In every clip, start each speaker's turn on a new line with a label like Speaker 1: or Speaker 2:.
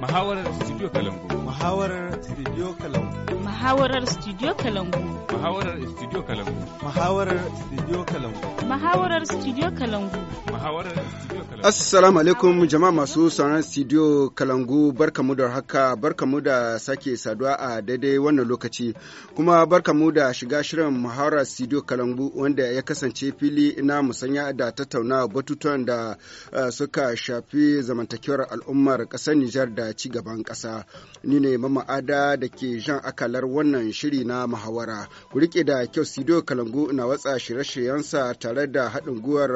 Speaker 1: Muhawarar Studio Kalangu. Muhawarar Studio Kalangu.
Speaker 2: Muhawarar Studio Kalangu.
Speaker 1: Muhawarar Studio Kalangu. Muhawarar Studio Kalangu.
Speaker 2: Muhawarar Studio Kalangu. Muhawarar
Speaker 3: Studio Kalangu.
Speaker 2: Assalamu alaikum jama'a masu sauran Studio Kalangu barkamu da haka barkamu da sake saduwa a daidai wannan lokaci kuma barkamu da shiga shirin Muhawarar Studio Kalangu wanda ya kasance fili na musanya da tattauna batutuwan da eh, suka shafi zamantakewar al'ummar ƙasar Nijar da ci gaban ƙasa. Ni ne mama'ada da ke jan akalar wannan shiri na muhawara. Ku rike da kyau Sido Kalangu na watsa shirye-shiryensa tare da haɗin guwar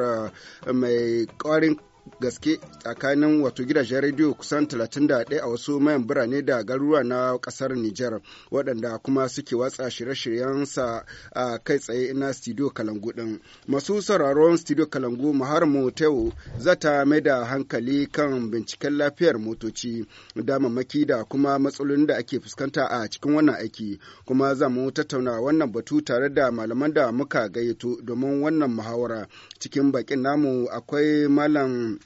Speaker 2: eh, mai ƙwarin gaske tsakanin wato gidajen rediyo kusan 31 a wasu mayan birane da garuruwa na kasar Nijar waɗanda kuma suke watsa shirye shiryen sa a kai tsaye na studio Kalangu ɗin. Masu sauraron studio Kalangu Muharmu Motewo zata mai da hankali kan binciken lafiyar motoci damammaki da kuma matsalolin da ake fuskanta a cikin wannan aiki kuma za mu tattauna wannan batu tare da malaman da muka gayyato domin wannan muhawara cikin bakin namu akwai malam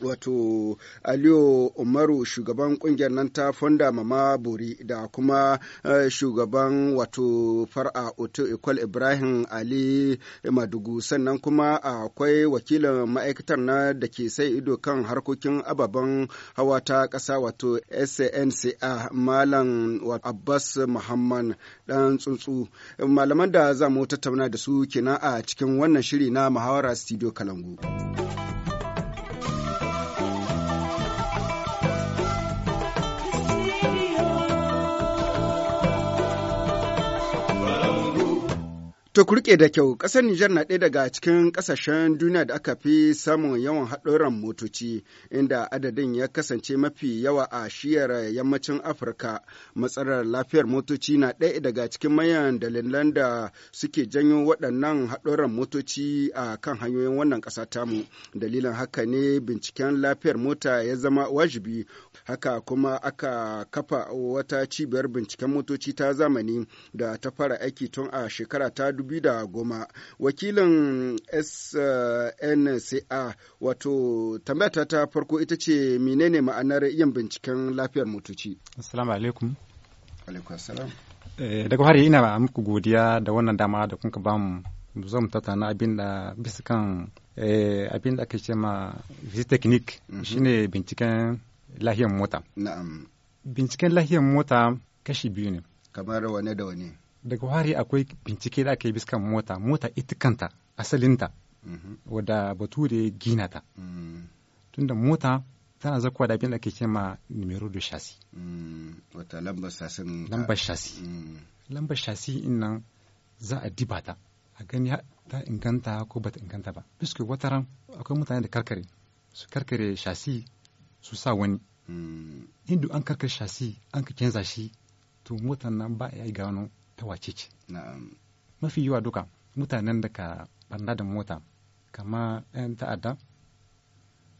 Speaker 2: wato aliyu umaru shugaban kungiyar nan ta fonda mama buri da kuma eh, shugaban wato far'a oto ikwal ibrahim ali madugu sannan kuma akwai wakilin ma'aikatar na da ke sai ido kan harkokin ababen hawa ta kasa wato snca malam abbas muhammad dan tsuntsu malaman da za mu tattauna da su kina a cikin wannan shiri na muhawara studio kalangu. To kurke da kyau, ƙasar Nijar na ɗaya daga cikin ƙasashen duniya da aka fi samun yawan haɗuran motoci, inda adadin ya kasance mafi yawa a shiyar yammacin Afirka. Matsalar lafiyar motoci na ɗaya daga cikin mayan dalilan da suke janyo waɗannan haɗuran motoci a kan hanyoyin wannan ƙasa tamu. Dalilin haka ne binciken lafiyar mota ya zama wajibi, haka kuma aka kafa wata cibiyar binciken motoci ta zamani da ta fara aiki tun a shekara ta 2010 wakilin snca wato tambata ta farko ita ce menene ma'anar yin binciken lafiyar motoci
Speaker 4: assalamu alaikum
Speaker 2: alaikum assalam eh, daga
Speaker 4: hari ina muku godiya da wannan dama da kuka ba mu zan tattauna abin da bisa kan eh, abin da ake ce ma visit technique mhm. shine binciken lahiyar mota na'am binciken lahiyar mota kashi biyu ne kamar wane da wane daga wari akwai bincike da aka yi biskan mota mota ita kanta asalinta mhm. wadda bature gina ta mm. tunda mota tana zakuwa da abin da ake ce numero de chassis
Speaker 2: mm. wata lambar sasin lambar chassis mm.
Speaker 4: lambar chassis in nan za a diba ta a gani ta inganta ko bata inganta ba biskuit wata ran akwai mutane da karkare su karkare chassis su sa wani Indu an karkar shasi an ka canza shi to motan nan ba ya yi gano ta wace ce mafi yawa duka mutanen da ka banda da mota kama 'yan ta'adda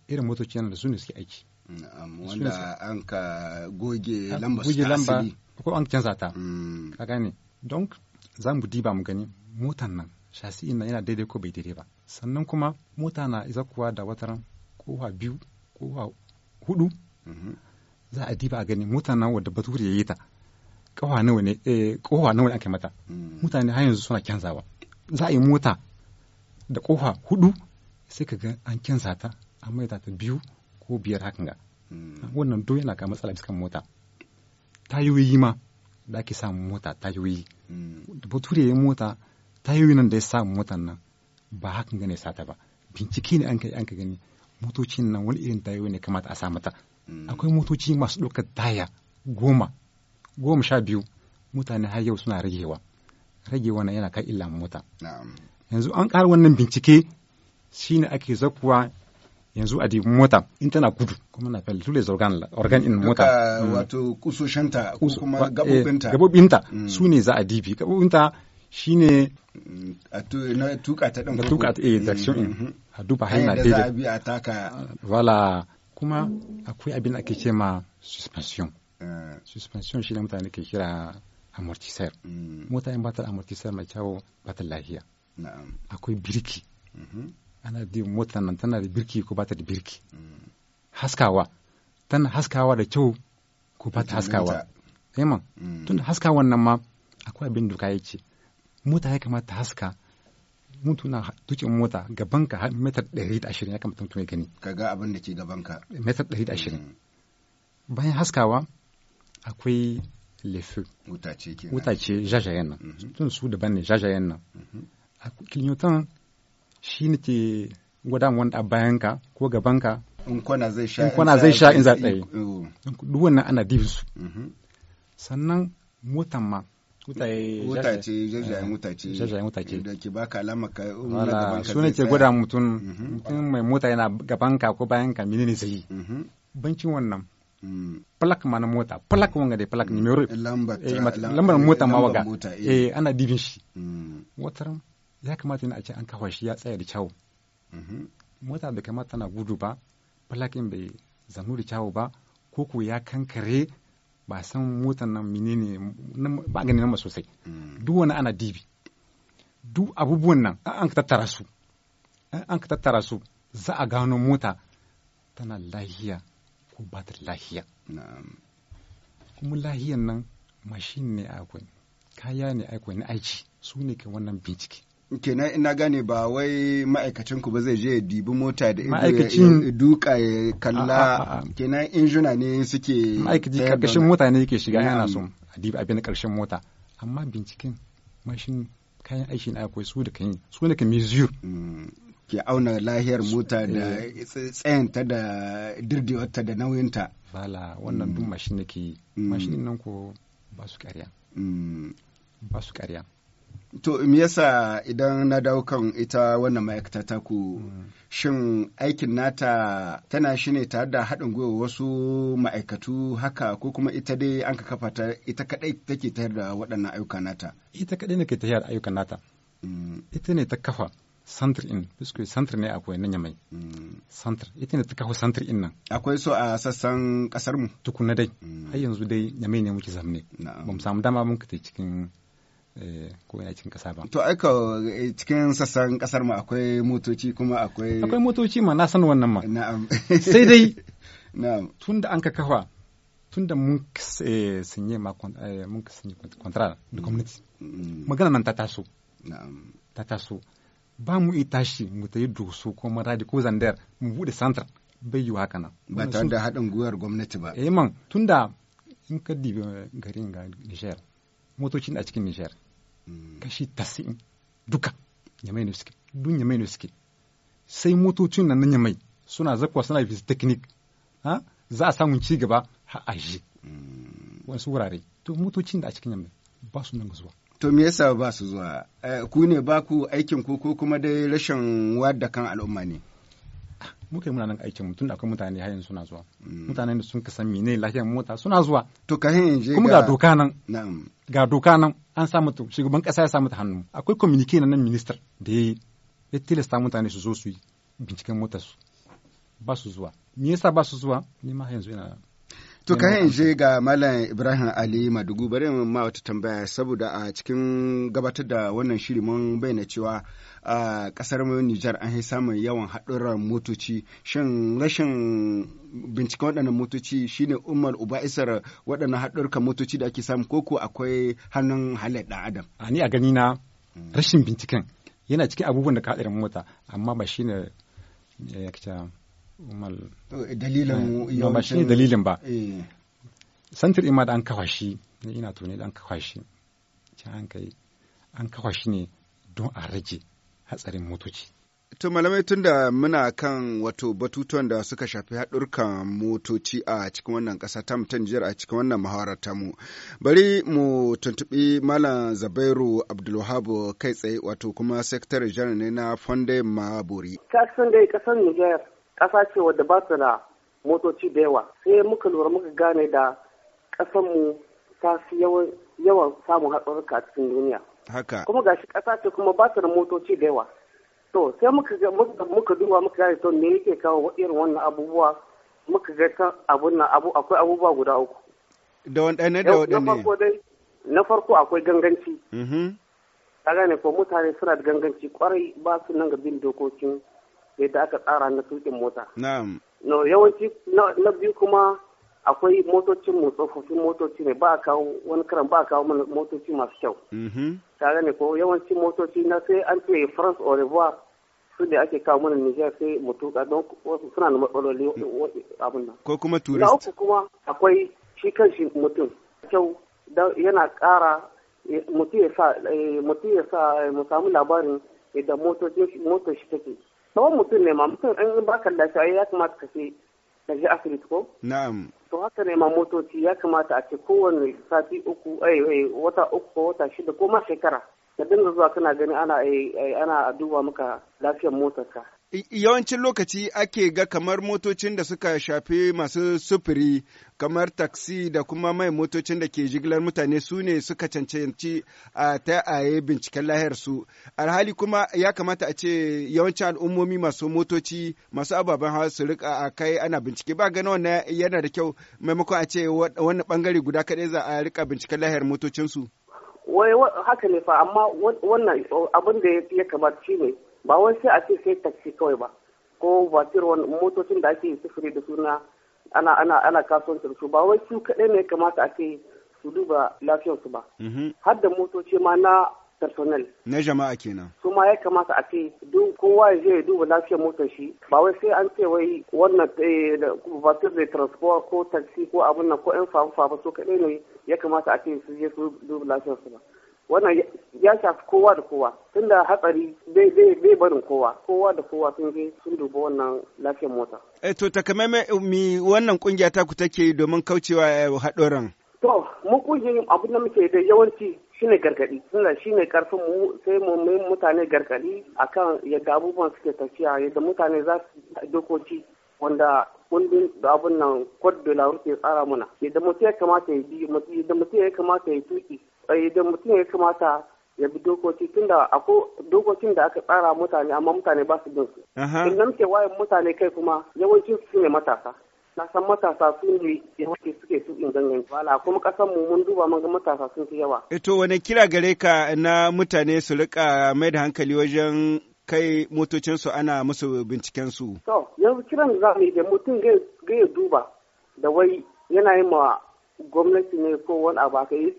Speaker 4: irin motoci yana da su ne suke aiki
Speaker 2: wanda an ka
Speaker 4: goge lamba goge lamba ko an canza ta mm. ka gane don za mu diba mu gani motan nan shasi'in nan yana daidai ko bai daidai ba sannan kuma mota na isa kuwa da wataran kowa biyu kowa hudu mm-hmm. za a diba a gani motan nan wadda bature ya yi ta nawa ne eh, kofa nawa ne aka mata mm. mutane har yanzu suna kyanzawa za a yi mota da kofa hudu sai ka ga an kyansa ta an ta biyu ko biyar hakan ga mm. wannan duk yana ka matsala bisa mota tayoyi ma da ake samu mota yi. wuyi mm. da bature ya mota yi nan da ya samu motan nan ba hakan gane sata ba bincike ne an kai an ka gani motocin nan wani irin tayoyi ne kamata a sa mata akwai motoci masu ɗaukar taya goma goma sha biyu mutane har yau suna ragewa ragewa na yana kai illa mota yanzu an ƙara wannan bincike shine ake zakuwa yanzu a dibin mota in tana gudu kuma na fel tule organ organ in mota mm.
Speaker 2: wato kusoshanta ko kuma eh, gabobinta gabobinta
Speaker 4: mm. su ne za a dibi gabobinta
Speaker 2: shine mm, na tuka ta dan tuka ta eh direction in mm-hmm.
Speaker 4: a duba hanya daidai za a bi
Speaker 2: a taka
Speaker 4: wala kuma akwai abin da ake ce ma suspension Eh. suspension shi na mutane ke kira amortisseur mm. mota in batar amortisseur mai kyawo batar lahiya akwai birki mm-hmm. ana da mota nan tana da birki ko bata da birki mm. haskawa tana haskawa da kyau ko bata haskawa yaman eh, mm. tun da haskawan nan ma akwai abin duka ya ce mota ya kamata haska mutu na tukin mota gaban ka har metar 120 ya kamata mutum ya gani kaga abin da ke gaban ka metar 120 bayan haskawa akwai lefe wutace jajayen nan tun mhm. su daban ne jajayen nan mhm. a kinyotan shi ne ke gwada wanda a bayanka ko gabanka
Speaker 2: in kwana zai sha in kwana zai sha in za tsaye oh.
Speaker 4: duk wannan ana divin su mhm. sannan motan ma
Speaker 2: wutace jajayen wutace eh, jajayen wutace da ke baka alama ka wala su ne ke gwada mutum mutum mai
Speaker 4: mota yana gabanka ko bayanka menene sai bancin wannan plaque mana mota plak wanga da plak mm. numero eh, eh, ah, lambar eh, mota ma waga eh ana dibin shi motar mm. ya kamata ne a ce an kawo shi ya tsaya da kyawu mm-hmm. mota bai kamata tana gudu ba plaque in bai zanu da kyawu ba ko ko ya kankare ba san motar nan menene ba gani nan sosai mm. duk wani ana du duk abubuwan nan an ka tattara su an ka tattara su za a gano mota tana lahiya ko ba ta lahiya kuma lahiyan nan mashin ne akwai kaya ne akwai na aiki su
Speaker 2: ne ke wannan bincike kenan ina gane ba wai ma'aikacin ku ba zai je dibi mota da ma'aikacin duka ya kalla kenan injuna ne suke ma'aikaci karkashin mota ne yake shiga yana so
Speaker 4: a dibi abin karshen mota
Speaker 2: amma binciken mashin kayan aiki na akwai su da kan yi su ne ka mezur ke auna lahiyar mota da eh. tsayanta da dirdewarta da nauyinta bala wannan duk mm. mashin da ke mm. mashin nan ko ba su ƙarya mm. ba su ƙarya to me yasa idan na dawo kan ita wannan ma'aikata ta ku shin aikin nata tana shi ne tare da haɗin gwiwa wasu ma'aikatu haka ko kuma ita dai an ka kafa ta ita kaɗai take tayar da waɗannan ayyuka nata
Speaker 4: ita kaɗai ne ke tayar ayyukan nata ita ne ta kafa santir in puisque santir ne akwai nan yamai santir ita ne ta kawo santir in nan
Speaker 2: akwai so a sassan kasar mu tukuna dai
Speaker 4: mm. har yanzu dai yamai ne muke zamne ba mu samu dama mun kai cikin eh, ko yana cikin
Speaker 2: kasa ba to ka eh, cikin sassan kasar mu akwai motoci kuma akwai akwai motoci ma na san wannan ma na'am sai dai na'am tunda an ka kafa tunda
Speaker 4: mun eh, sanye ma mun sanye contrat da mm. gwamnati mm. magana nan ta taso na'am ta taso ba mu iya tashi mu ta yi dusu ko maradi ko zandar mu bude santar bai yi haka nan. Ba tare da haɗin gwiwar gwamnati ba. Eh man tun da in ka dibi garin ga Nijar motocin a cikin Nijar hmm. kashi tasi'in duka yamai ne suke dun yamai ne suke sai motocin nan na yamai suna zakwa suna bisa teknik ah, za a samun ci gaba ha aji hmm. su wurare to motocin da a cikin yamai ba su nan zuwa
Speaker 2: to me yasa ba su zuwa eh, ku ne ba ku aikin ku ko kuma dai rashin wadda kan al'umma ne
Speaker 4: ah, muka yi munanan aikin mutum da akwai mutane har yanzu suna zuwa mm. mutanen da sun ka san mene lafiyar mota suna zuwa
Speaker 2: to ka hin je kuma ga doka
Speaker 4: nan ga doka nan an sa mutu shugaban kasa ya sa ta hannu akwai communique na nan minister da ya ya tilasta mutane su zo su yi binciken motar su ba su zuwa me yasa ba su zuwa ni ma yanzu ina To kayan je
Speaker 2: ga Malam Ibrahim Ali Madugu bari ma wata tambaya saboda a cikin gabatar da wannan shiri mun bayyana cewa a kasar Nijar an yi samun yawan haɗurran motoci shin rashin binciken waɗannan motoci shine umar uba isar waɗannan hadurka motoci da ake samu koko akwai hannun halayyar ɗan adam.
Speaker 4: A ni a gani na rashin binciken yana cikin abubuwan da ka haɗarin mota amma ba shine eh, ya
Speaker 2: dalilin eh, ba shi ne dalilin ba eh.
Speaker 4: santir ima da an kafa shi ne ina tuni da an kafa shi can an kai an kafa shi ne don a rage hatsarin motoci
Speaker 2: To malamai tun da muna kan wato batutuwan da suka shafi haɗurkan motoci a cikin wannan ƙasa ta mutan jiyar a cikin wannan muhawarar mu Bari mu tuntuɓi Malam Zabairu Abdulwahabu kai tsaye wato kuma Sekitare jana ne na Fonde Maburi.
Speaker 3: Kasan dai ƙasar Nijar ƙasa ce wadda ba su da motoci da yawa sai muka lura muka gane da ƙasanmu ta fi yawan samun hatsarurruka a cikin duniya haka kuma gashi ƙasa ce kuma ba su da motoci da yawa to sai muka muka duba muka gane to me yake kawo irin wannan abubuwa muka ga ta abun nan abu akwai abubuwa guda uku da
Speaker 2: waɗanne da waɗanne
Speaker 3: na farko akwai ganganci mm-hmm. ka gane ko mutane suna da ganganci kwarai ba su nan ga bin dokokin yadda aka tsara na tukin mota. Na'am. No yawanci na biyu kuma akwai motocin mu tsofaffin motoci ne ba a kawo wani karan ba a kawo mana motoci masu kyau. Tare mm-hmm. ne ko yawanci motoci na sai an ce France au revoir su ne ake kawo mana Nijar sai mu tuka don wasu suna da matsaloli mm. abin nan.
Speaker 2: Ko kuma turist. Na uku
Speaker 3: kuma akwai shi kan shi mutum kyau yana ƙara mutum ya sa eh, eh, mu samu labarin idan motocin motoci take. tsawon mutum ne ma mutum an ba ka lafiya ya kamata ka ce na je asibiti ko na'am to haka ne ma motoci ya kamata a ce kowane sati uku ai wata uku ko wata shida ko ma shekara ka dinga zuwa kana gani ana ana duba maka lafiyar motarka
Speaker 2: yawancin lokaci ake ga kamar motocin da suka shafi masu sufuri kamar taksi da kuma mai motocin da ke jigilar mutane su ne suka cancanci a ta aye binciken lahiyar su alhali kuma ya kamata a ce yawancin al'ummomi masu motoci masu ababen hawa su rika a kai ana bincike ba gano wannan yana da kyau maimakon a ce wani bangare guda kaɗai za a rika binciken lahiyar motocinsu.
Speaker 3: wai haka ne fa amma wannan abin da ya kamata shi ne ba wai sai a ce sai taxi kawai ba ko batir wani motocin da ake sufuri da suna ana ana ana kasuwanci da su ba wai su kaɗai ne kamata a ce su duba lafiyarsu ba mhm. har da motoci ma na personal
Speaker 2: Na jama'a kenan.
Speaker 3: Su ma ya kamata a ce duk kowa ya je ya duba lafiyar motar shi ba wai sai an ce wai wannan eh, batir da transport ko taxi ko abin nan ko yan fafa ba su kaɗai ne ya kamata a ce su je su duba lafiyarsu ba. wannan ya shafi kowa da kowa tunda hatsari bai barin kowa kowa da kowa sun je sun dubi wannan lafiyar mota.
Speaker 2: Eh, to takamaimai mi wannan kungiya ta ku take yi domin kaucewa eh, haɗoran.
Speaker 3: To mu kungiyar abin da muke da yawanci shine gargadi tunda shine karfin mu sai mu mai mutane gargadi akan yadda abubuwan suke tafiya yadda mutane za su dokoki wanda kundin da abun nan kwadda da ke tsara mana. yadda mutum ya kamata ya bi yadda mutum ya kamata ya tuki Eh, da mutum ya kamata ya bi dokoki tunda akwai dokokin da aka tsara mutane amma mutane ba su bin su. nan ke wayan mutane kai kuma yawancin su ne matasa. na san matasa su ne yawanci suke tukin gangan wala kuma kasan mu mun duba mun ga matasa sun fi yawa.
Speaker 2: Eh, to wani kira gare ka na mutane su rika mai da hankali wajen kai motocinsu ana musu binciken su.
Speaker 3: To yanzu kiran za mu yi da mutum ga duba da wai yana yi ma gwamnati ne ko wani abu ka ya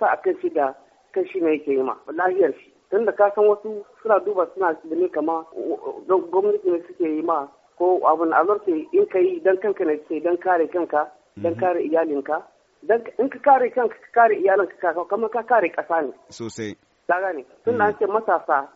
Speaker 3: sa a kan shi da kan shi ne yake yi ma lahiyar shi tun da ka san wasu suna duba suna da ne kama gwamnati ne suke yi ma ko abin alarta in ka yi don kanka ne ce don kare kanka don mhm. kare iyalinka in ka kare kanka ka kare iyalinka kamar ka kare ƙasa ne sosai ta gane tun da mhm. ce matasa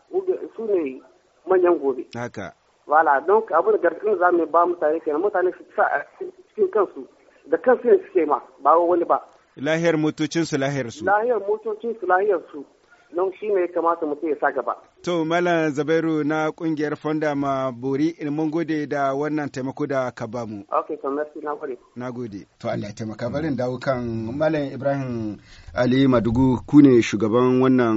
Speaker 3: su ne manyan gobe haka wala don abin da garkin za mu ba mutane kenan mutane su sa cikin kansu da kansu ne suke ma ba wani ba
Speaker 2: lahiyar motocinsu lahiyar su
Speaker 3: lahiyar motocinsu lahiyar su don shi ne kamata mutum ya sa gaba.
Speaker 2: To Malam Zabairu na kungiyar Fonda ma Bori mun gode da wannan taimako da ka ba mu.
Speaker 3: Ok, to merci na gode.
Speaker 2: Na gode. To Allah ya taimaka barin dawo kan Malam Ibrahim Ali Madugu ku ne shugaban wannan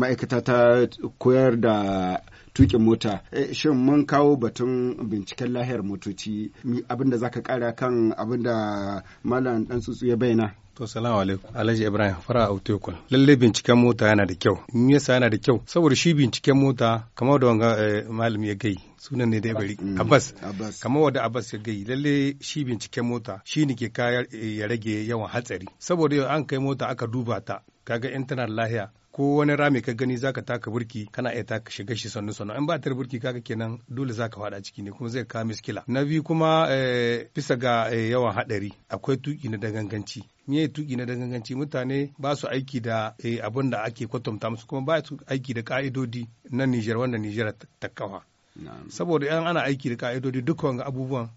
Speaker 2: ma'aikata ta koyar da tukin mota eh, shin mun kawo batun binciken lahiyar motoci abinda zaka kara kan abinda malam dan tsutsu
Speaker 1: ya bayyana To salamu alaikum Alhaji Ibrahim fara Autekul. Lalle binciken mota yana da kyau. Me yasa yana da kyau? Saboda shi binciken mota kamar da wanga eh, malami ya gai sunan ne da bari mm, Abbas. Kamar wanda Abbas ya gai lalle shi binciken mota shi ne ke eh, ya rage yawan hatsari. Saboda an kai mota aka duba ta kaga intanet lahiya ko wani rami ka gani zaka taka burki kana iya taka shiga shi sannu sannu in ba ta burki kaga kenan dole zaka fada ciki ne kuma zai kawo miskila na biyu kuma eh, bisa ga eh, yawan hadari akwai tuki na daganganci me tuki na danganganci mutane ba su aiki da eh, abin da ake kwatanta musu kuma ba su aiki da ka'idodi na Nijar wanda Nijar ta kawa. Saboda yan ana aiki da ka'idodi dukkan abubuwan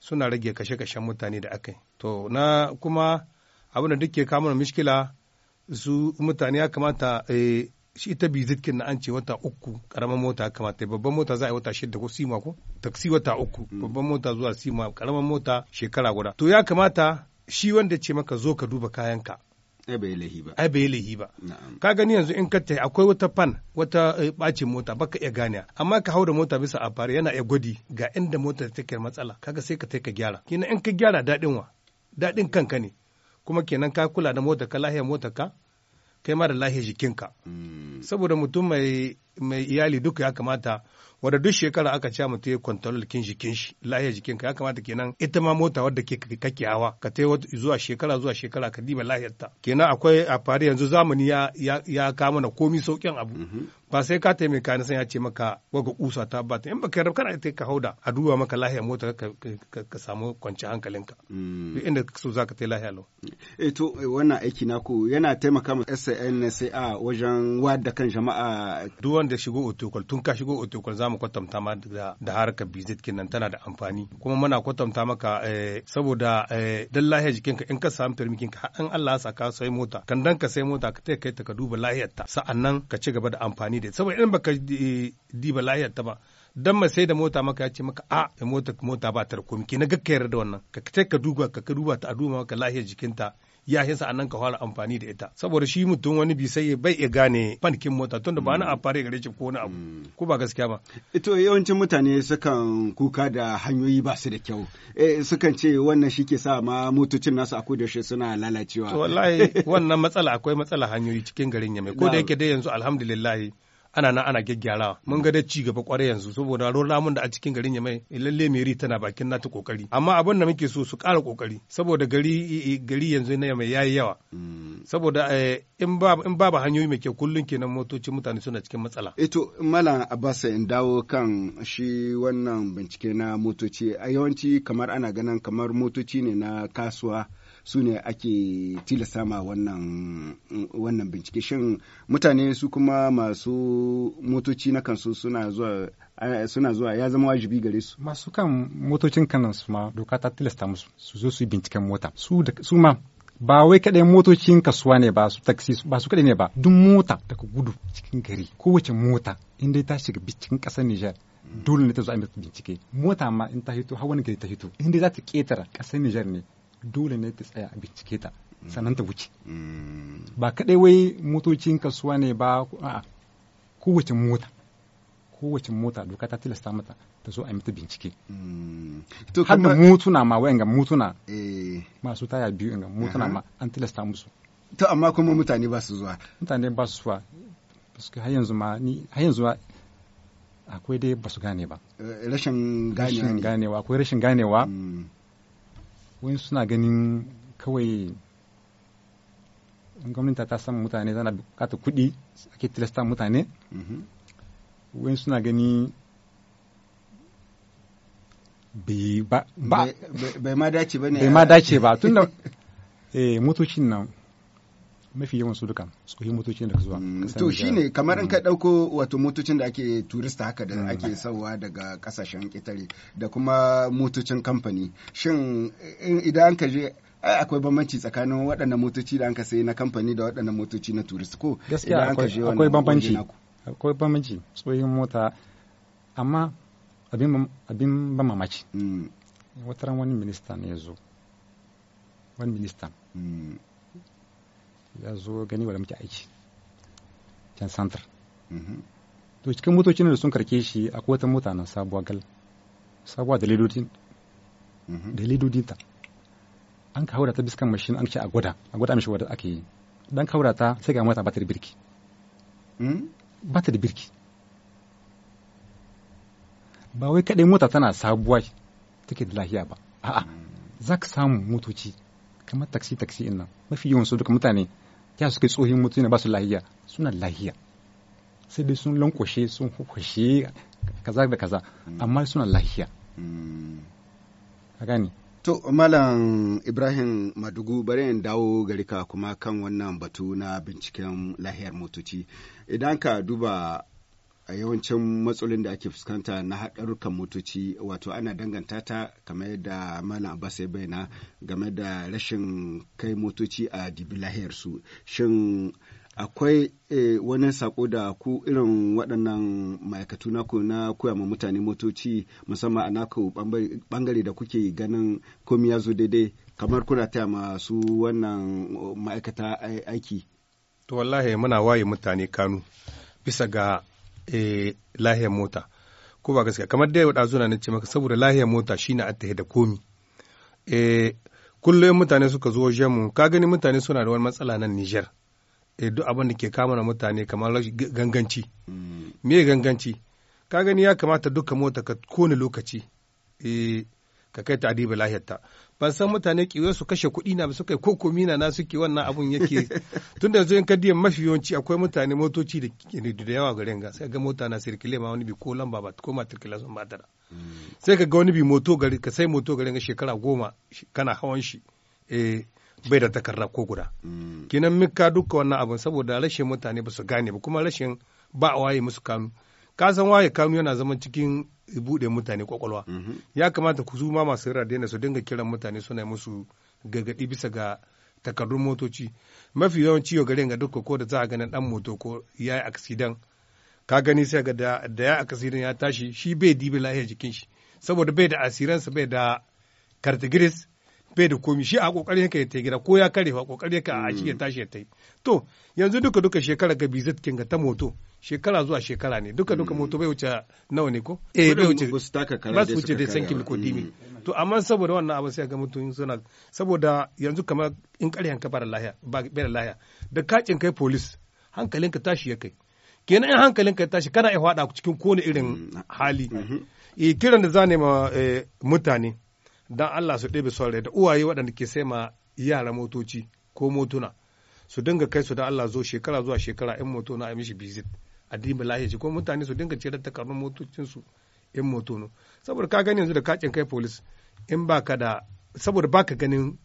Speaker 1: suna rage kashe-kashen mutane da akai. To na kuma abin da duk ke kama mishkila su mutane ya kamata eh, shi ita bizitkin na an ce wata uku karamar mota kamata babban mota za a yi wata shida ko sima ko taksi wata uku mm. babban mota zuwa sima karamar mota shekara guda to ya kamata shi wanda ce maka zo ka duba kayanka
Speaker 2: ai bai lahi
Speaker 1: ba ka gani yanzu in ka akwai wata fan wata bacin eh, mota baka iya gane amma ka hau da mota bisa a yana iya gwadi ga inda mota take matsala kaga sai ka tai ka gyara kina in ka gyara dadin wa dadin kanka ne kuma kenan ka kula da motar ka lahiyar motar ka kai ma da lahiyar jikinka mm. saboda mutum mai iyali duka ya kamata wadda duk shekara aka ce mutum ya kwantarol kin shi kin shi lahiyar jikin ka ya kamata kenan ita ma mota wadda ke kake hawa ka ta zuwa shekara zuwa shekara ka diba lahiyar ta kenan akwai a fari yanzu zamani ya ya kama na komi sauƙin abu mm-hmm. ba sai ka taimaka ni san ya ce maka waga kusa ta bata in baka yarda kana ita ka hauda a duba maka lahiyar mota ka samu kwanci hankalinka mm. duk inda so za ka ta lahiya lau
Speaker 2: eh to eh, wannan aiki ku yana taimaka ma SNSA wajen wada kan
Speaker 1: jama'a duk wanda shigo otokol tun ka shigo otokol mu kwatanta ma da harkar bizit kenan tana da amfani kuma muna kwatanta maka eh, saboda eh, dan lahiyar jikinka in ka samu firmikin ka in Allah ya ka sai mota kan dan ka sai mota ka ta kai ta ka duba lahiyar ta sa'annan ka ci gaba da amfani da saboda in baka eh, diba lahiyar ta ba dan ma sai da mota maka ya ce maka a ah, mota mota ba ta da komai na gakkayar da wannan ka ka duba ka duba ta a duba maka lahiyar jikinta yahin sa nan ka fara amfani da ita saboda shi mutum wani bi sai bai ya gane bankin mota tunda ba na mm. amfani gare shi ko wani abu mm. ko ba gaskiya ba
Speaker 2: ito yawancin mutane sukan kuka da hanyoyi ba su da kyau eh sukan ce wannan shi ke sa ma motocin nasu a shi suna lalacewa to wallahi
Speaker 1: wannan matsala akwai matsala hanyoyi cikin garin Yamai ko da yake dai yanzu alhamdulillah ana nan ana gyaggyara mun ga da ci gaba kwarai yanzu saboda ruwan lamun da a cikin garin Yamai lalle Meri tana bakin nata kokari amma abin da muke so su ƙara kokari saboda gari gari yanzu na Yamai yayi yawa mm. saboda eh, in ba in babu hanyoyi mai kyau kullun kenan motoci mutane suna cikin matsala eh
Speaker 2: to mallam Abbas in dawo kan shi wannan bincike na motoci a yawanci kamar ana ganin kamar motoci ne na kasuwa su ne ake tilasta ma wannan wannan bincike shin mutane su kuma masu motoci na kansu suna zuwa suna zuwa ya zama wajibi gare su
Speaker 4: masu kan motocin kanan su ma doka ta tilasta musu su zo su binciken mota su ma ba wai kaɗai motocin kasuwa ne ba su taxi ba su kaɗai ne ba duk mota daga gudu cikin gari kowace mota inda ta shiga cikin kasar Nijar dole ne ta zo a bincike mota ma in ta hito har wani gari ta hito inda za ta ketara kasar Nijar ne dole ne ta tsaya a bincike ta mm. sannan ta wuce mm. ba kaɗai wai motocin kasuwa ne ba a kowace mota kowace mota doka ta tilasta mata ta zo a yi mata bincike mm. har da motuna ma wayan ga mutuna eh. masu taya biyu ga mutuna ma an tilasta musu to amma kuma mutane ba su zuwa mutane ba su zuwa suka har yanzu ma ni har yanzu akwai dai ba su gane ba
Speaker 2: eh, rashin ganewa
Speaker 4: akwai rashin ganewa wani suna ganin kawai gwamnati ta samu mutane zana bukata kudi ake tilasta mutane mm-hmm. wani suna gani bai
Speaker 2: ma dace ba ne bai ma dace ba tun
Speaker 4: da eh, motocin nan mafi yawan su dukan tsohin motocin da ka zuwa mm, to shine
Speaker 2: kamar in ka dauko mm. wato motocin da ake turista haka da mm. ake sauwa daga kasashen itali da kuma motocin kamfani shin idan ka je ai akwai bambanci tsakanin waɗannan motoci da an ka sayi na kamfani da waɗannan motoci na turist ko idan akwai bambanci
Speaker 4: akwai bambanci tsohon mota amma abin ban mamaci wata ran wani minista ne ya zo wani minista ya zo gani wala muke aiki can santar mm-hmm. to cikin motocin da sun karke shi akwai wata mota na sabuwa gal sabuwa da ledodinta mm-hmm. an ka haura ta biskan mashin an ce a gwada a gwada mishi wadda ake yi dan ka haura ta sai ga mota ba ta da birki mm-hmm. ba ta da birki ba wai kaɗai mota tana sabuwa take da lahiya ba a'a za ka samu motoci kamar taksi taksi in mafi yawan su duka mutane ya suka tsohin mutu ne ba su lahiya suna lahiya sai dai sun lankwashe sun hukwashe kaza da kaza hmm. amma suna lahiya hmm.
Speaker 2: ka gani To, Malam Ibrahim Madugu bari in dawo gari ka kuma kan wannan batu na binciken lahiyar motoci. Idan ka duba a yawancin matsalolin da ake fuskanta na haɗarukan motoci wato ana danganta ta kamar yadda mana abbas ya bayyana game da rashin kai motoci a dibi su shin akwai eh, wani sako da ku irin waɗannan ma'aikatu naku na koya ma mutane motoci musamman a naku bangare da kuke ganin komi ya zo daidai kamar kuna taya masu
Speaker 1: wannan ma'aikata aiki to wallahi muna waye mutane kanu bisa ga Eh, lahiyar mota ko ba gaskiya kamar da yau da na nace maka saboda lahiyar mota shine attahe da komi e kullum mutane suka zo wajen mu ka gani mutane suna da wani matsala nan nijar e eh, duk abin da ke kama na mutane kamar ganganci mm. me ganganci ka gani ya kamata duka mota ka kone lokaci e ka kai ta adiba lahiyarta ban san mutane kiwo su kashe kuɗi na su kai ko komi na suke wannan abun yake tunda yanzu in diyan mafi yawanci akwai mutane motoci da da yawa garin ga sai ga mota na sirkile ma wani bi ko lamba ba ko matrikila sun ba tara hmm. sai ka ga wani bi moto gari ka sai moto garin ga shekara goma kana hawan shi eh bai da takarda ko guda hmm. kinan mika duka wannan abun saboda rashin mutane ba su gane ba kuma rashin ba a waye musu kanu kasan san waye kanu yana zaman cikin bude mutane kwakwalwa mhm. ya kamata ku zuma masu daina su dinga kiran mutane suna musu gagadi bisa ga takardun motoci mafi yawan ciwo garin ga duka ko da za a ganin dan moto ko ya yi aksidan ka gani sai ga da ya aksidan ya tashi shi bai dibi lahiyar jikin shi saboda bai da asiransa bai da kartigiris bai da komi shi a kokari yake ya tegira ko ya kare kokari yake a shi mm. ya tashi ya tai to yanzu duka duka shekara ga bizat kinga ta moto shekara zuwa shekara ne duka duka mm. moto bai wuce nawa ne ko eh bai wuce ba su taka kara da su wuce da san kimiko dimi mm. to amma saboda wannan abu sai ga mutum suna saboda yanzu kamar in ƙaryan ka bara lahiya ba bai lahiya da kacin kai police hankalinka tashi ya kai kenan in hankalinka ya tashi kana ya hada cikin kowane irin mm. hali mm-hmm. eh kiran da zane ma eh, mutane dan Allah su ɗebe sore da uwaye waɗanda ke sai ma yara motoci ko motuna su dinga kai su da Allah zo shekara zuwa shekara in motona na a mishi bizit addinin lahiya shi ko mutane su dinga cire takardun motocinsu in moto no saboda ka gani yanzu da kakin kai polis in ba ka da saboda ba ka ganin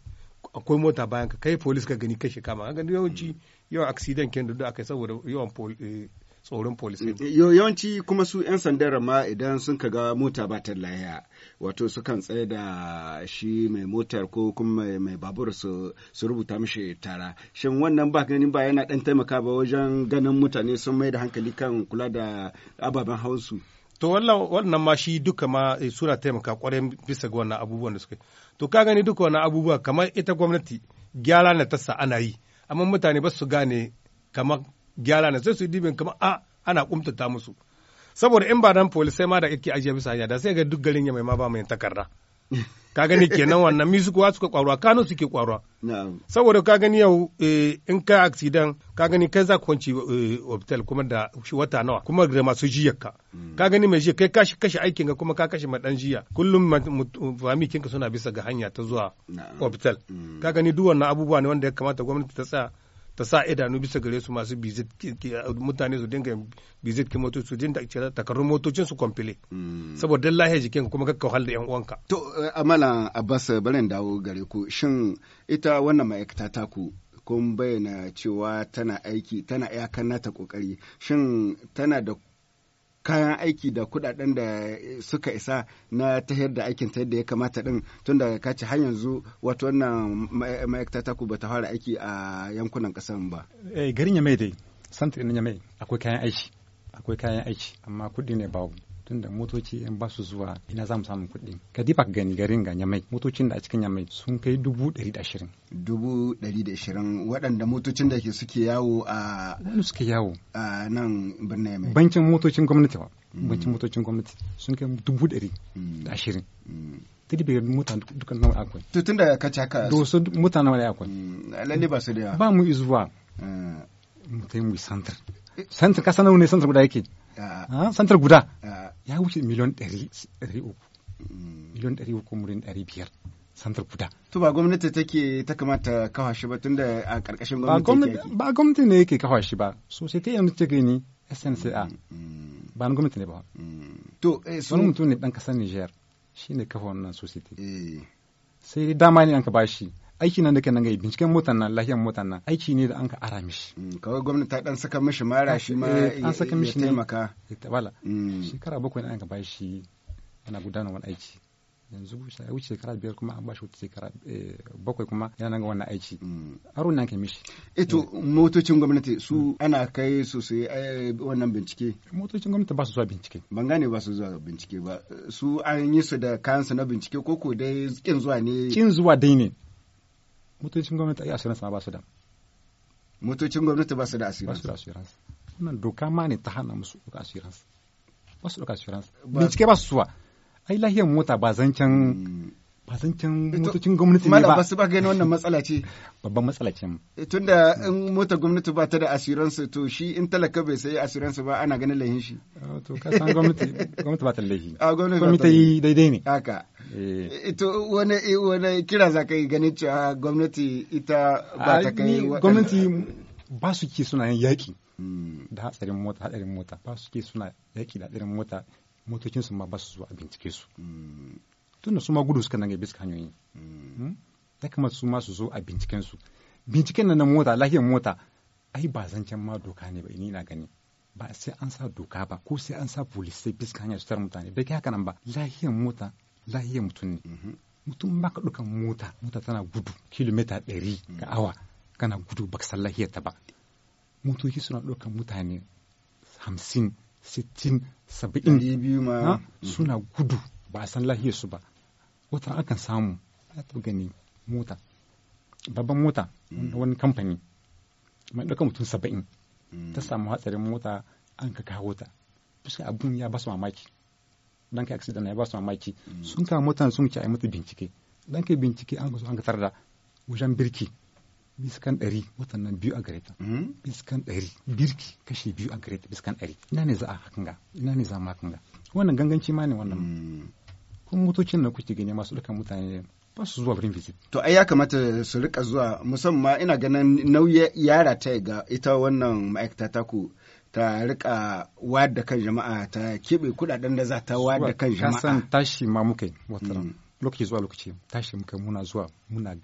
Speaker 1: akwai mota bayan ka kai polis ka gani kai shi kama ga yawanci yawan accident kin da aka saboda yawan eh, tsoron polisai. Eh,
Speaker 2: eh, yawanci kuma su 'yan sandan ma idan sun ga mota ba ta laya wato su kan tsaye da shi mai motar ko kuma mai babur su rubuta mishi tara. Shin wannan ba ganin ba yana ɗan taimaka ba wajen ganin mutane sun mai da hankali
Speaker 1: kan kula da ababen hausu. To wannan ma shi duka ma eh, suna taimaka kwarai bisa ga wannan abubuwan da suka To ka gani duka wannan abubuwa kamar ita gwamnati gyara na tasa ana yi amma mutane ba su gane kamar gyara na sai su dibin kamar a ah, ana kumtata musu saboda in ba dan polisai ma da ake ajiye bisa hanya da sai ga duk garin ya mai ma ba mai takarda ka gani kenan wannan mi suka suka kwaruwa kano suke kwaruwa saboda ka gani yau eh, in ka accident ka gani kai za kwanci eh, hotel kuma da wata nawa kuma da masu jiyarka hmm. ka gani mai jiya kai kashi kashi aikin ka kuma ka kashi mai dan jiya kullum famikin kinka suna bisa ga hanya ta zuwa hotel hmm. ka gani duk wannan abubuwa ne wanda ya kamata gwamnati ta tsaya ta sa idanu bisa gare su masu bizit uh, mutane su dinga bizit ki motoci su dinga takarrun motocin su kwamfile hmm. saboda lahiyar jikin kuma ka wahal da yan uwanka to
Speaker 2: uh, amala abbas barin dawo gare ku shin ita wannan ma'aikata ta ku kun bayyana cewa tana aiki tana iyakar nata kokari shin tana da kayan aiki da kudaden da suka isa na ta da aikin ta yadda ya kamata din tun da ka ci har yanzu wato wannan ma'aikata ta ku ba ta fara aiki a yankunan kasan ba
Speaker 4: eh garin ya mai dai santirin ya akwai kayan aiki akwai kayan aiki amma kudi ne babu tunda motoci in ba su zuwa ina za mu samu kuɗi ka diba gani garin ga nyamai motocin da a cikin nyamai sun kai dubu ɗari da ashirin
Speaker 2: dubu ɗari da ashirin waɗanda motocin da ke suke yawo a wani suke yawo a nan birnin yamai bancin
Speaker 4: motocin gwamnati ba mm. bancin motocin gwamnati sun kai dubu ɗari mm. da ashirin tiri mm. bai mutane dukkan nawa akwai
Speaker 2: to tunda ka ci haka to su
Speaker 4: mutane nawa akwai
Speaker 2: lalle ba su da yawa
Speaker 4: ba mu izuwa eh. mu yi mu santar santar ka nawa ne santar guda yake santar guda ya wuce miliyan ɗari uku miliyon ɗari uku murin ɗari biyar santar guda.
Speaker 2: To ba gwamnati take ta kamata kawa shi ba tun da a ƙarƙashin gwamnati
Speaker 4: Ba gwamnati ne yake kawa shi ba so sai ta yanzu take ni SNCA ba na gwamnati ne ba. To wani mutum ne ɗan ƙasar Nijar shi ne kafa wannan society. Sai dama ne an ka ba shi. aiki nan da ke nan ga binciken motan nan lahiyar motan nan
Speaker 2: aiki ne da an ka ara mishi mm, kawai gwamnati ta dan saka mishi mara shi ma eh, an saka mishi ne taimaka
Speaker 4: wala mm. shekara bakwai ne an ka ba shi yana gudanar wani aiki yanzu ya wuce shekara biyar kuma an shi wuce shekara eh, bakwai kuma yana ga wannan aiki mm.
Speaker 2: aro na ke mishi eto eh, motocin gwamnati su ana kai su su wannan bincike motocin gwamnati ba su zuwa bincike ban gane ba su zuwa bincike ba su an yi su da kayan su na bincike ko ko dai kin zuwa ne
Speaker 4: kin zuwa dai ne motocin gwamnati yi assurance ma ba su da
Speaker 2: motocin gwamnati ba su da assurance ba su da
Speaker 4: wannan doka ma ne ta hana musu ɗauka assurance ba su ɗauka assurance bincike ba su suwa ai lahiyar mota ba zancen hmm. can eh, motocin gwamnati ne ba. ba su ba gani wannan matsala ce. Babban matsala ce.
Speaker 2: Eh, tunda in mota gwamnati ba ta da asiransu to shi in talaka bai sayi asiransu ba ana ganin lahin shi. Ah, to ka san gwamnati gwamnati ba ta lahi. A ah, gwamnati ba ta yi daidai ne. Haka. Eh. To wani wani kira za ka yi ganin cewa gwamnati ita ba ta kai. Ah, gwamnati
Speaker 4: ba su ke suna yin yaƙi. Hmm. Da hatsarin mota hatsarin mota ba su ke suna yaƙi da hatsarin mota motocinsu ma ba su zuwa bincike su. Hmm. tunda su ma gudu suka nan bisa hanyoyi ya mm. hmm? kamata su ma su zo a binciken su binciken nan na mota lahiyar mota ai ba zancen ma doka ne ba ni na gani ba sai an sa doka ba ko sai an sa sai bisa hanyar su tara mutane da ke haka nan ba lahiyar mota lahiyar mutum ne mm-hmm. mutum ba ka ɗaukan mota mota tana gudu kilomita ɗari ga mm. awa kana gudu baka san lahiyar ta ba motoci suna ɗaukan mutane hamsin sittin saba'in suna gudu ba a san lahiyarsu ba wata akan samu ya taɓa gani mota babban mota mm. wani kamfani mai ɗauka mutum saba'in mm. ta samu hatsarin mota an ka kawo ta fuska abun ya ba su mamaki dan kai accident ya ba su mamaki mm. sun kawo mota sun ci a yi mata bincike dan kai bincike an ka zo an ka tarda wajen birki biskan ɗari watannan biyu a gare ta biskan ɗari birki kashe biyu a gare ta biskan ɗari ina ne za a hakan ga ina ne za a hakan ga wannan ganganci ma ne wannan kuma motocin da kuke gani masu ɗaukan mutane ba su zuwa wurin visit.
Speaker 2: To ai ya kamata su rika zuwa musamman ina ganin nauyi yara ta ga ita wannan ma'aikata ku ta rika wayar da kan jama'a ta kebe kudaden da za ta wayar da kan jama'a. Kasan
Speaker 4: tashi ma muka yi wataran mm. lokaci zuwa lokaci tashi muka muna zuwa muna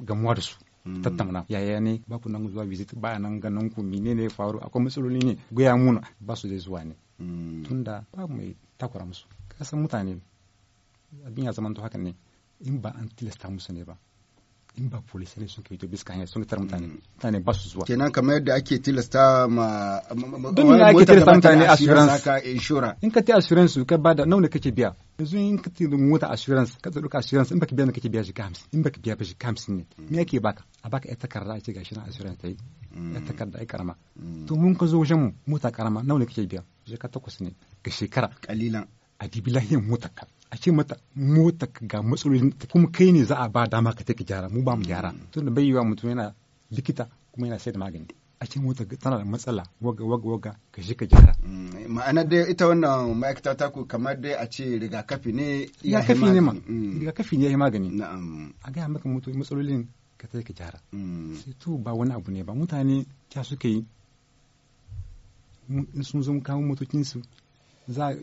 Speaker 4: gamuwa da su. Mm. tattauna yaya ne ba ku nan zuwa visit ba nan ganin ku menene ya faru akwai matsaloli ne goya muna ba su zai zuwa ne mm. tunda ba mai takura musu kasan mutane abin ya zamanto haka ne in ba an tilasta musu ne ba in ba polisai ne sun hanyar sun
Speaker 2: mutane mutane ba su zuwa kenan kamar yadda ake tilasta ma duk ake tilasta mutane assurance ka
Speaker 4: in ka ta assurance ka bada nawa ne kake biya yanzu in ka ta mota assurance ka ta duka assurance in baka biya ne kake biya shi ka 50 in baka biya ba shi ka 50 ne me yake baka a baka ita takarda a ce gashi na assurance tai ita mm. takarda ai karama mm. to mun ka zo wajen mu mota karama nawa ne kake biya shi ka takwas ne ga shekara kalilan a dibi lahiyan mota ka a ce mata mota ga matsalolin kuma kai ne za a ba dama ka take gyara mu ba mu gyara mm. tun da bai mutum yana likita kuma yana sai da magani a ce mota tana da matsala waga waga waga ka shi ka gyara
Speaker 2: mm. ma'ana dai ita wannan ma'aikata ta ku kamar dai a ce rigakafi ne rigakafi ne ma mm. rigakafi
Speaker 4: ne ya yi magani a gaya maka matsalolin ka sai ka gyara sai to ba wani abu ne ba mutane kya suka yi sun zo kawo motocinsu za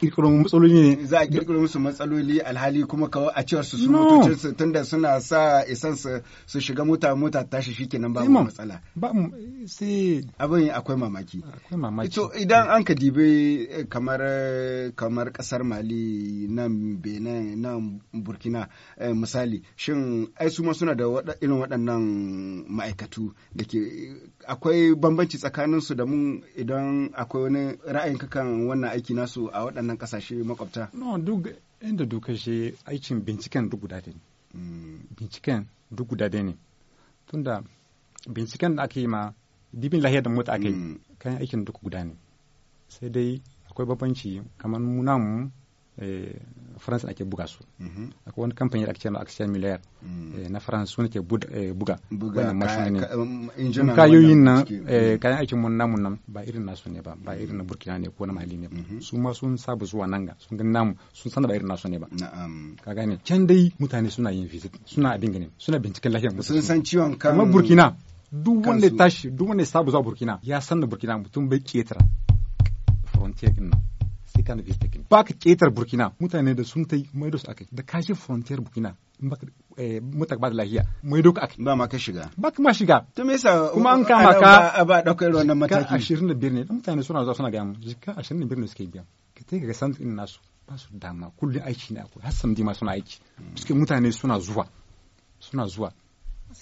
Speaker 4: kirkiro matsaloli ne
Speaker 2: za a kirkiro musu matsaloli alhali kuma kawo a cewar su su motocin su tunda suna sa isan su shiga mota mota tashi kenan ba mu matsala ba mu sai abin akwai mamaki akwai mamaki to idan an ka dibe eh, kamar kamar kasar Mali nan Benin nan Burkina eh, misali shin ai su ma suna da irin waɗannan ma'aikatu da ke akwai bambanci tsakanin su da mu idan akwai wani ra'ayin kan wannan aiki nasu a waɗannan waɗannan ƙasashe makwabta? duk inda duka shi
Speaker 4: aikin binciken duk guda ne. Mm. Binciken duk guda ne. Tunda binciken da aka yi ma dibin lahiyar da mota ake yi mm. kayan aikin duk guda ne. Sai dai akwai babanci kamar mu Eh, france ake buga su mhm. akwai wani kamfani da ake cewa action miliyar mm. eh, na france su ke buga eh, wannan mashina um, ne kayoyin nan mm. kayan aikin mun namu nan ba irin nasu ne ba ba irin na burkina ne ko na mali ne mhm. su ma sun sabu zuwa nan ga sun ga namu sun san ba irin nasu ne ba ka gane can dai mutane suna yin visit suna abin ganin suna binciken lafiyar mutum sun san
Speaker 2: ciwon kan kamar
Speaker 4: burkina duk wanda ya tashi duk wanda ya sabu zuwa burkina ya san da burkina mutum bai ketara frontier din nan sai ka nufi takin ba ka ƙetar burkina mutane da sun ta yi maido su akai da kashe frontier burkina eh, mutak ba da lahiya maido ka akai ba ma ka shiga ba ka ma
Speaker 2: shiga to me yasa kuma an kama ka a ba ɗaukar wannan mataki
Speaker 4: ashirin da biyar ne mutane suna zuwa suna gaya mu jika ashirin da biyar ne suke biya ka ta ga san in nasu ba su dama kullum aiki ne akwai har samdi ma suna aiki hmm. suke mutane suna zuwa suna zuwa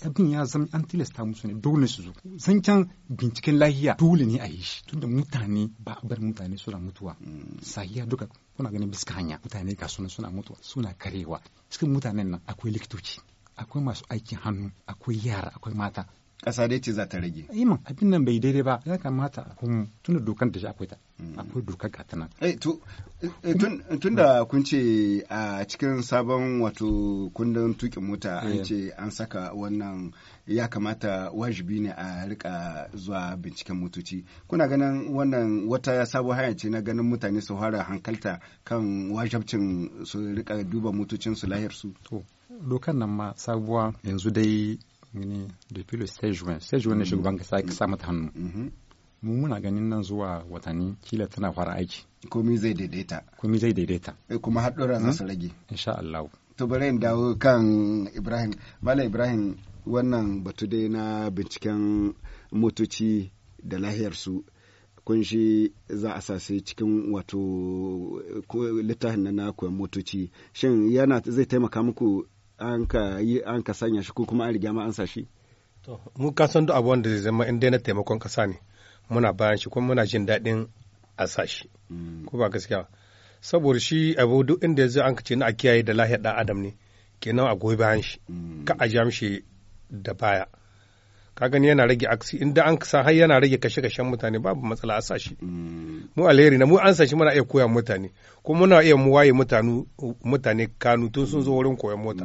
Speaker 4: abin ya zama an tilasta musu ne dole su zo zancen binciken lahiya dole ne a yi shi tunda mutane ba a bar mutane suna mutuwa sahiya duka kuna ganin biska hanya mutane ga suna suna mutuwa suna karewa cikin mutanen nan akwai likitoci akwai masu aikin hannu akwai yara akwai mata ƙasa dai ce za ta rage. Iman eh, abin nan bai daidai ba ya kamata a kun tunda dokan da shi akwai ta mm. akwai dokar gata nan.
Speaker 2: Eh, eh, tun da kun ce a cikin sabon wato kundin tukin mota an ce an saka wannan ya kamata wajibi ne a rika zuwa binciken motoci kuna ganin wannan wata sabon hanya ce na ganin mutane su fara hankalta kan wajabcin su rika duba motocin su lahir su.
Speaker 4: dokan nan ma sabuwa yanzu dai gani depuis le juin 16 juin ne mm-hmm. shugaban kasa mata hannu mm-hmm. mu muna ganin nan zuwa watanni kila tana fara aiki komai zai daidaita komai zai daidaita eh, kuma
Speaker 2: haɗura za su hmm? rage insha Allah to bari in dawo kan Ibrahim Malam Ibrahim wannan batu dai na binciken motoci da lahiyarsu kun shi za a sasi cikin wato littafin na koyon motoci shin yana zai taimaka muku an ka yi sanya shi ko kuma an riga ma an sa shi
Speaker 3: to
Speaker 1: mu ka san duk abu wanda zai zama in dai na taimakon kasa ne muna bayan shi kuma muna jin daɗin a sa shi mm. ko ba gaskiya saboda shi abu duk inda ya zo an ce na a kiyaye da lahiyar ɗan adam ne kenan a goyi bayan shi mm. ka a ja shi da baya ka gani yana rage aksi inda an san har yana rage kashe-kashen mutane babu matsala a sashi mu alheri na mu an sashi muna iya koya mutane kuma muna iya mu waye mutane mutane kanu tun sun zo wurin koyon mota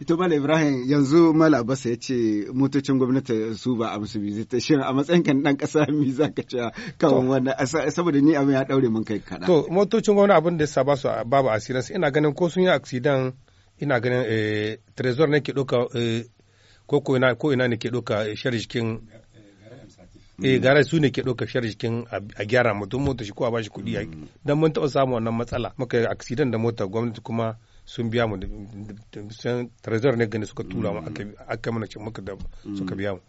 Speaker 2: ito mala ibrahim yanzu mala abbas ya ce motocin gwamnati su ba amsu bizi ta shin a matsayin kan dan kasa mi zaka ce kawon wannan saboda ni abin ya daure mun kai kada to
Speaker 1: motocin gwamnati abin da sa ba su babu asirin ina ganin ko sun yi accident ina ganin eh, trezor ne ke doka eh, ko ko ina ko ina ne ke ɗauka shar jikin eh gara su ne ke ɗauka shar jikin a gyara mutum mota shi ko a bashi kuɗi dan mun taɓa samu wannan matsala muka yi accident da mota gwamnati kuma sun biya mu sun trezor ne gani suka tura mu aka mana muka da suka biya mu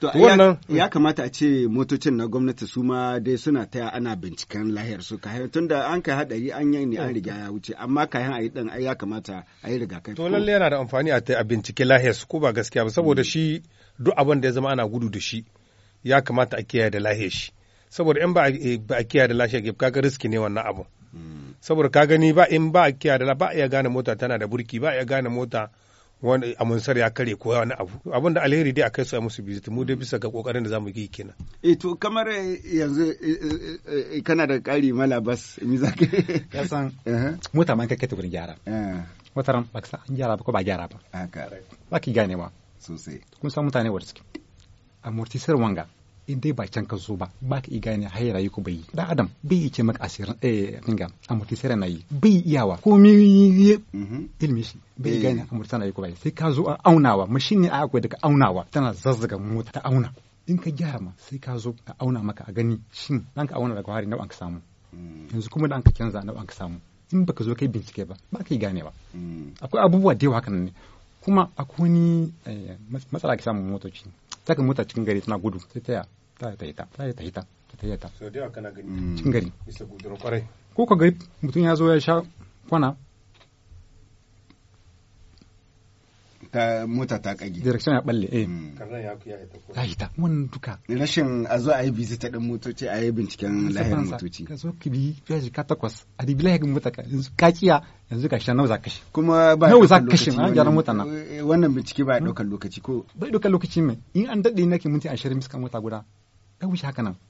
Speaker 2: To wannan ya kamata a ce motocin na gwamnati su ma dai suna taya ana binciken lahiyar su tun tunda an kai hadari an yi ne an riga ya wuce amma kayan a yi din ya kamata
Speaker 1: a yi rigakafi. To lalle yana da amfani a bincike lahiyar su ko ba gaskiya ba saboda mm. shi duk abin da ya zama ana gudu da shi ya kamata a kiyaye da lahiyar shi saboda in ba a eh, kiyaye da lahiyar shi kaga riski ne wannan abu. Mm. Saboda ka gani ba in ba a kiyaye da ba iya gane mota tana da burki ba iya gane mota wani amunsar ya kare ko wani abu abin da alheri dai a kai su a musu bizit mu dai bisa ga kokarin da zamu yi kenan
Speaker 2: eh to kamar eh, yanzu eh, eh, kana da kari mala bas mi Ya san.
Speaker 1: kasan mu ta man kake tukurin gyara
Speaker 4: wataran ba ka gyara ba ko ba gyara ba ah, ba ki ma sosai kun san mutane wurin suke amortisar wanga in dai ba can ka so ba ba ka iya gane hayar rayu ko bai da adam bai ce maka asirin eh dinga amortisera na yi bai iyawa ko mi mhm. ilmi shi bai gane eh. amortisera na yi ko bai sai ka zo a aunawa mashin ne a akwai daga aunawa tana zazzaga mota ta auna in ka gyara ma sai ka zo a auna maka a gani shin dan ka auna daga hari nawa an ka samu mm. yanzu kuma da an ka canza nawa an ka samu in baka zo kai bincike ba ba ka yi ganewa mm. akwai abubuwa da yawa hakan ne kuma akwai wani eh, matsala ke samun motoci ta mota cikin gari tana gudu sai ta ya ta ta ta ta ta ta ta
Speaker 1: ta ta ta cikin gari
Speaker 4: ko ka gari mutum ya zo ya sha kwana
Speaker 2: ta mota ta kage direction ya balle eh mm.
Speaker 1: karnan ya ku ya
Speaker 4: ita ko ai ta mun duka
Speaker 2: rashin a zo a yi visit din motoci a yi binciken lahiyar motoci
Speaker 4: ka zo ki bi fiyaji ka takwas a dibi lahiyar mota ka yanzu ka kiya yanzu ka sha za ka kashe
Speaker 2: kuma ba ka za ka kashe ma gyara mota na wannan bincike ba ya daukar lokaci ko Ba ya daukar lokaci mai in an
Speaker 4: dade ke minti 20 miskan mota guda Ka wuce haka nan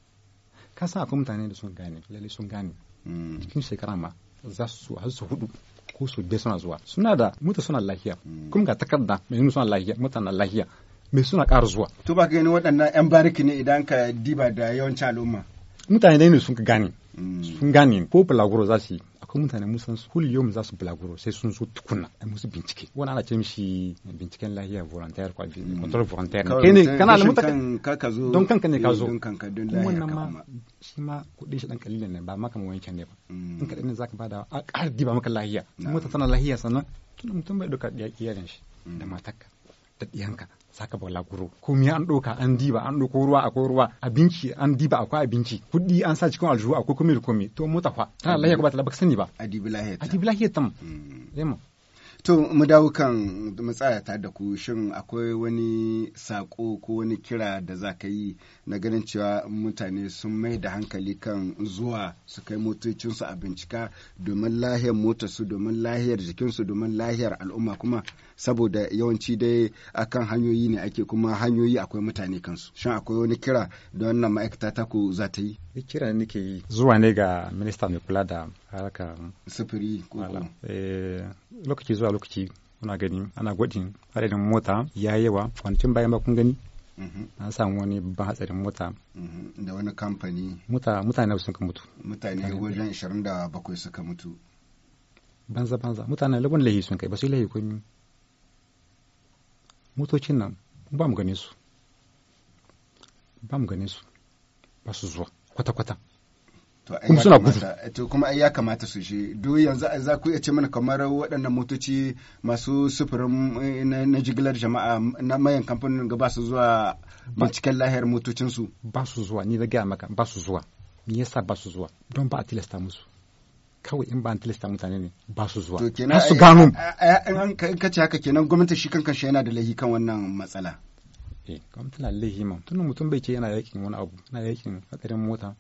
Speaker 4: ka san akwai mutane da sun gane lalle sun gane mm. cikin shekara ma za su su hudu ko su bai suna zuwa suna da mutu suna lahiya hmm. kuma ga takarda mai suna lahiya mutane lahiya mai suna ƙara zuwa
Speaker 2: to ba gani waɗannan yan bariki ne idan ka diba da yawancin al'umma
Speaker 4: mutane ne sun ka gane sun mm. gane ko bulaguro za su yi akwai mutane musan su kulli yau za su bulaguro sai sun so tukunna a musu bincike wani ana ce mishi binciken lahiya volunteer kwa mm. control volunteer kai ne kana da
Speaker 2: mutane don kanka ne ka zo
Speaker 4: wannan ma shi ma kuɗin shi dan kalilan ne ba maka mawancan ne ba mm. in kaɗan ne za ka bada a ƙara diba maka lahiya mota tana lahiya sannan mutum bai da matarka da saka bala guru komai an ɗauka an diba an ɗauko ruwa a ruwa abinci an diba akwai abinci kuɗi an sa cikin aljihu akwai komai da komai to mota fa tana mm. lahiya ba ta baka sani ba adibi lahiya adibi lahiya tam
Speaker 2: mm. To mu dawo kan matsaya ta da ku shin akwai wani sako ko wani kira da za ka yi na ganin cewa mutane sun mai da hankali kan zuwa su kai motocinsu a bincika domin lahiyar motarsu domin lahiyar jikinsu domin lahiyar al'umma kuma saboda yawanci dai akan hanyoyi ne ake kuma hanyoyi akwai mutane kansu shan akwai wani kira da wannan ma'aikata ta ku za ta yi eh, kira nake yi
Speaker 4: zuwa ne ga minista mai kula da harkar sufuri ko eh, lokaci zuwa lokaci muna gani ana gwadin adadin mota ya yawa kwanakin bayan ba kun gani mhm. an samu wani babban hatsarin mota mhm. da wani kamfani mutane sun ka mutu
Speaker 2: mutane wajen 27 suka mutu
Speaker 4: banza banza mutane labon lahi sun kai ba su lahi kun motocin nan ba mu gane su ba mu gane su ba su
Speaker 2: zuwa kwata-kwata kuma suna gudu to kuma ai ya kamata su shi do yanzu za ku iya ce mana kamar waɗannan motoci masu sufurin eh, na jigilar jama'a na mayan kamfanin ga ba su zuwa binciken lahiyar motocinsu ba su zuwa ni da gaya maka ba su zuwa me yasa ba su zuwa
Speaker 4: don ba a tilasta musu kawai in ba an tilasta mutane ne ba su zuwa ba su gano
Speaker 2: in ka ce haka kenan gwamnati shi kan kanshi yana da laihi kan wannan matsala eh gwamnati na
Speaker 4: laihi ma tun mutum bai ce yana yakin wani abu yana yakin hatsarin mota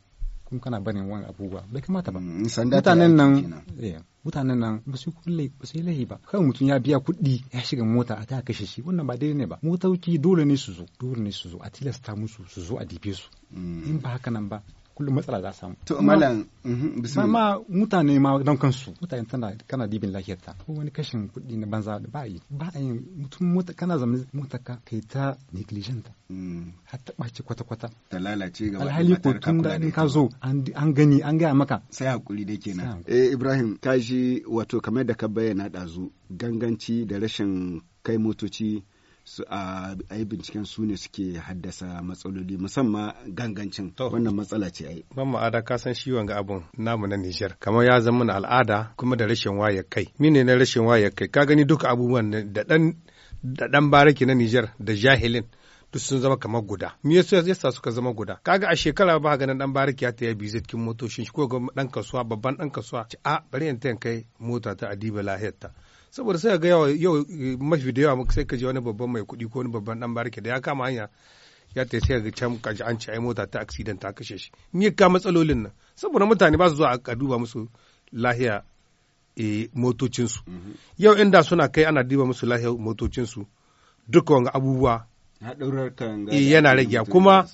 Speaker 4: kuma kana barin wani abubuwa bai kamata ba mm, mutanen nan eh, mutanen nan ba su kulle ba su laihi ba kawai mutum ya biya kuɗi ya shiga mota a ta kashe shi wannan ba daidai ne ba motoci dole ne su zo dole ne su zo a tilasta musu su zo a dibe su mm. in ba haka nan ba kullum matsala za a samu. To malam
Speaker 2: mhm,
Speaker 4: ma mutane ma don kansu mutane tana kana dibin lafiyar ta ko wani kashin kuɗi na banza da ba yi ba a yi mutum mota kana zama mota ka kai ta negligent mm. har ta ɓace kwata kwata.
Speaker 2: Ta lalace gaba alhali ko tun da in ka
Speaker 4: zo an gani an gaya
Speaker 2: maka. Sai hakuri dai kenan. Eh Ibrahim kashi wato kamar da ka bayyana ɗazu ganganci da rashin kai motoci su a yi binciken su ne suke
Speaker 1: haddasa matsaloli
Speaker 2: musamman gangancin wannan matsala ce ai
Speaker 1: ban ma'ada ka san shi wanga abun namu na Nijar kamar ya zama na al'ada kuma da rashin waye kai mine na rashin waye kai ka gani duka abubuwan da dan da dan baraki na Nijar da jahilin duk sun zama kamar guda me yasa yasa suka zama guda kaga a shekara ba ga nan dan bariki ya taya bize cikin motocin shi ko ga dan kasuwa babban dan kasuwa a bari in tayan kai mota ta adiba lahiyarta saboda sai ga yawa yau mafi da yawa sai ka wani babban mai kuɗi ko wani babban dan barke da ya kama hanya ya ta sai ga can kaji an ci ai mota ta accident ta kashe shi ni ka matsalolin nan saboda mutane ba su zuwa a duba musu lahiya e, motocinsu mhm. yau inda suna kai ana duba musu lahiyar motocinsu duka wanga abubuwa
Speaker 2: Eh, yana rage kuma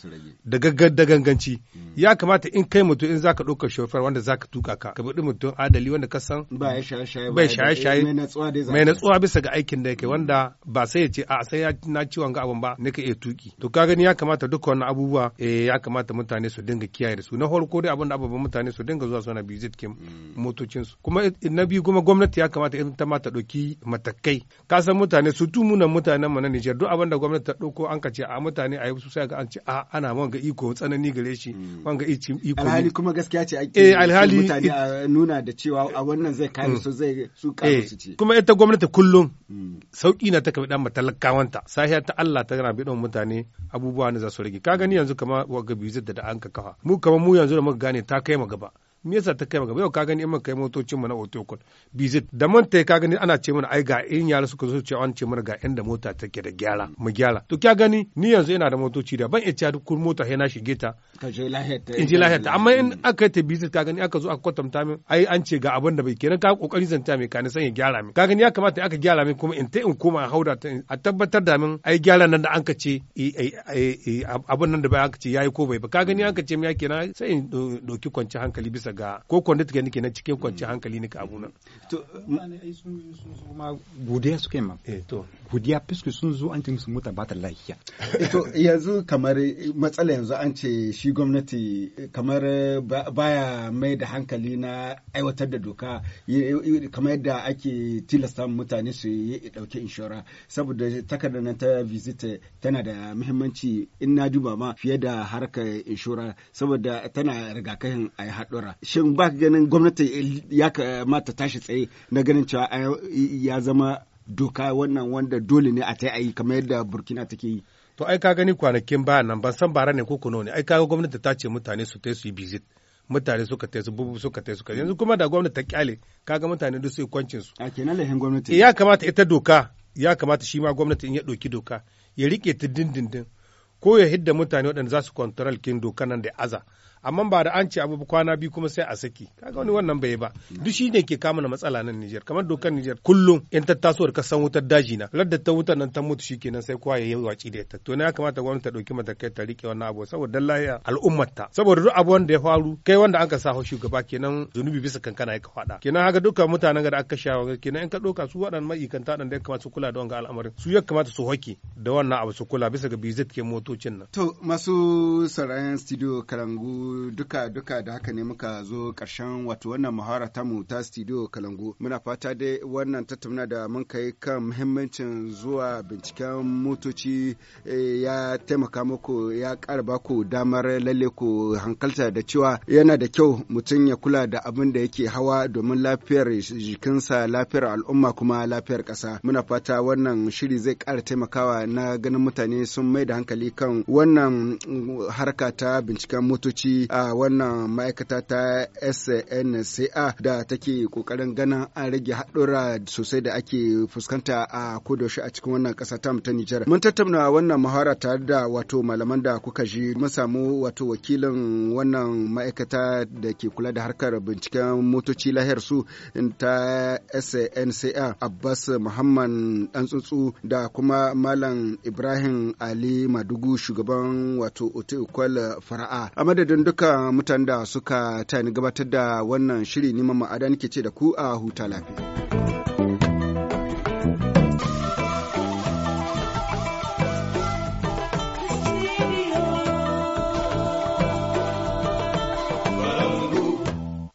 Speaker 1: da da ganganci mm. ya kamata in kai mutum in zaka ɗaukar shofar wanda zaka tuka ka ka buɗi mutum adali wanda ka san bai shaye shaye eh, mai natsuwa bisa ga aikin da yake mm. wanda ba sai ya ce a sai ya na ciwon ga abun ba ne ka iya tuki to ka gani ya kamata duka wannan abubuwa eh, ya kamata mutane su dinga kiyaye da su na farko dai abin da ababen mutane su dinga zuwa suna visit kin mm. motocin su kuma na biyu kuma gwamnati ya kamata in ta ma ta ɗauki matakai ka san mutane su tumunan mutanen mu na Nijar duk abin da gwamnati ta ko an ka ce a mutane a yi su sai ga an ce a ana man ga iko tsanani gare shi mm. man ga iko alhali
Speaker 2: kuma gaskiya ce ake eh alhali mutane
Speaker 1: a nuna da cewa a wannan zai kare mm. su zai su kare eh, su ce kuma ita gwamnati kullum mm. sauki na ta kabi dan matalakawanta sahiya ta Allah ta gana bi don mutane abubuwa ne za su rage ka gani yanzu kamar wa ga da an ka kafa mu kamar mu yanzu da muka gane ta kai mu gaba me yasa ta kai maka yau ka gani in kai motocin mu na otokol bizit da man tai ka gani ana ce mana ai ga in yara suka zo ce an ce mana ga inda mota take da gyara mu gyara to kya gani ni yanzu ina da motoci da ban iya duk mota sai na shige ta
Speaker 2: ka je lahiyar in je lahiyarta
Speaker 1: amma in mm. aka ta bizit ka gani aka zo aka kwatanta min ai an ce ga abin da bai kenan ka kokari zanta mai ka ni sanya ya gyara min ka gani ya kamata aka gyara min kuma in ta in koma hauda ta a tabbatar da min ai gyara nan da an ka ce eh, eh, eh, abin nan da bai aka ce yayi ko bai ba ka gani an ka ce mai ya kenan sai in doki kwanci hankali bisa ga ko kwanda take nake na cikin kwanci hankali ne ka abuna to mutane ai sun su ma
Speaker 4: godiya suke ma eh to ku diya sun zo an ce musu mota ba ta lafiya.
Speaker 1: Ito
Speaker 2: yanzu kamar matsala yanzu an ce shi gwamnati kamar baya mai da hankali na aiwatar da doka kamar yadda ake tilasta mutane su yi dauke inshora saboda takardar na ta visit tana da muhimmanci in na duba ma fiye da harkar inshora saboda tana rigakafin a yi haɗura shin ba ganin gwamnati ya kamata tashi tsaye na ganin cewa ya zama
Speaker 1: doka wannan wanda dole ne a ta yi kamar yadda burkina take yi to ai ka gani kwanakin ba nan ban san bara ne ko kuno ne ai kaga gwamnati ta ce mutane su tai su yi bizit mutane suka tai su bubu suka tai suka yanzu kuma da gwamnati ta kyale kaga mutane duk su kwancin su a kenan lahin gwamnati ya kamata ita doka ya kamata shi ma gwamnati in ya ɗauki doka ya rike ta dindindin ko ya hidda mutane waɗanda za su kontrol kin doka nan da aza amma ba da an ce abu kwana biyu kuma sai a saki kaga wani wannan bai ba duk shi ne ke kama na matsala nan Niger kamar dokar Niger kullum in ta taso da wutar daji na ladda ta wutar nan ta mutu shikenan sai kowa yayi waci da ta to ne ya kamata gwamnati ta dauki matakai ta rike wannan abu saboda lafiya al'ummarta saboda duk abu wanda ya faru kai wanda aka sa shugaba kenan zunubi bisa kankana ya fada kenan haka dukkan mutanen da aka shawo kenan in ka doka su waɗannan ma'aikanta da ya kamata su kula da wannan al'amarin su ya kamata su hoki da wannan abu su kula bisa ga bizit ke motocin nan
Speaker 2: to masu sarayan studio karangu duka duka da haka ne muka zo karshen wato wannan muhawara ta mu ta studio Kalangu. Muna fata dai wannan tattauna da mun kai kan muhimmancin zuwa binciken motoci eh, ya taimaka muku ya ƙara baku damar lalle ku hankalta da cewa yana da kyau mutum ya kula da abin da yake hawa domin lafiyar jikinsa lafiyar al'umma kuma lafiyar ƙasa. Muna fata wannan shiri zai kara taimakawa na ganin mutane sun mai da hankali kan wannan harka ta binciken motoci a wannan ma'aikata ta snca da take kokarin ganin an rage haɗura sosai da ake fuskanta a kodaushe a cikin wannan ƙasa ta ta nijar mun tattauna wannan muhara tare da wato malaman da kuka ji mun samu wato wakilin wannan ma'aikata da ke kula da harkar binciken motoci lahiyar su ta snca abbas muhammad dan tsuntsu da kuma malam ibrahim ali madugu shugaban wato otu fara'a a madadin duka mutanen da suka tani gabatar da wannan shiri neman ma'adani ke ce da ku a huta lafiya.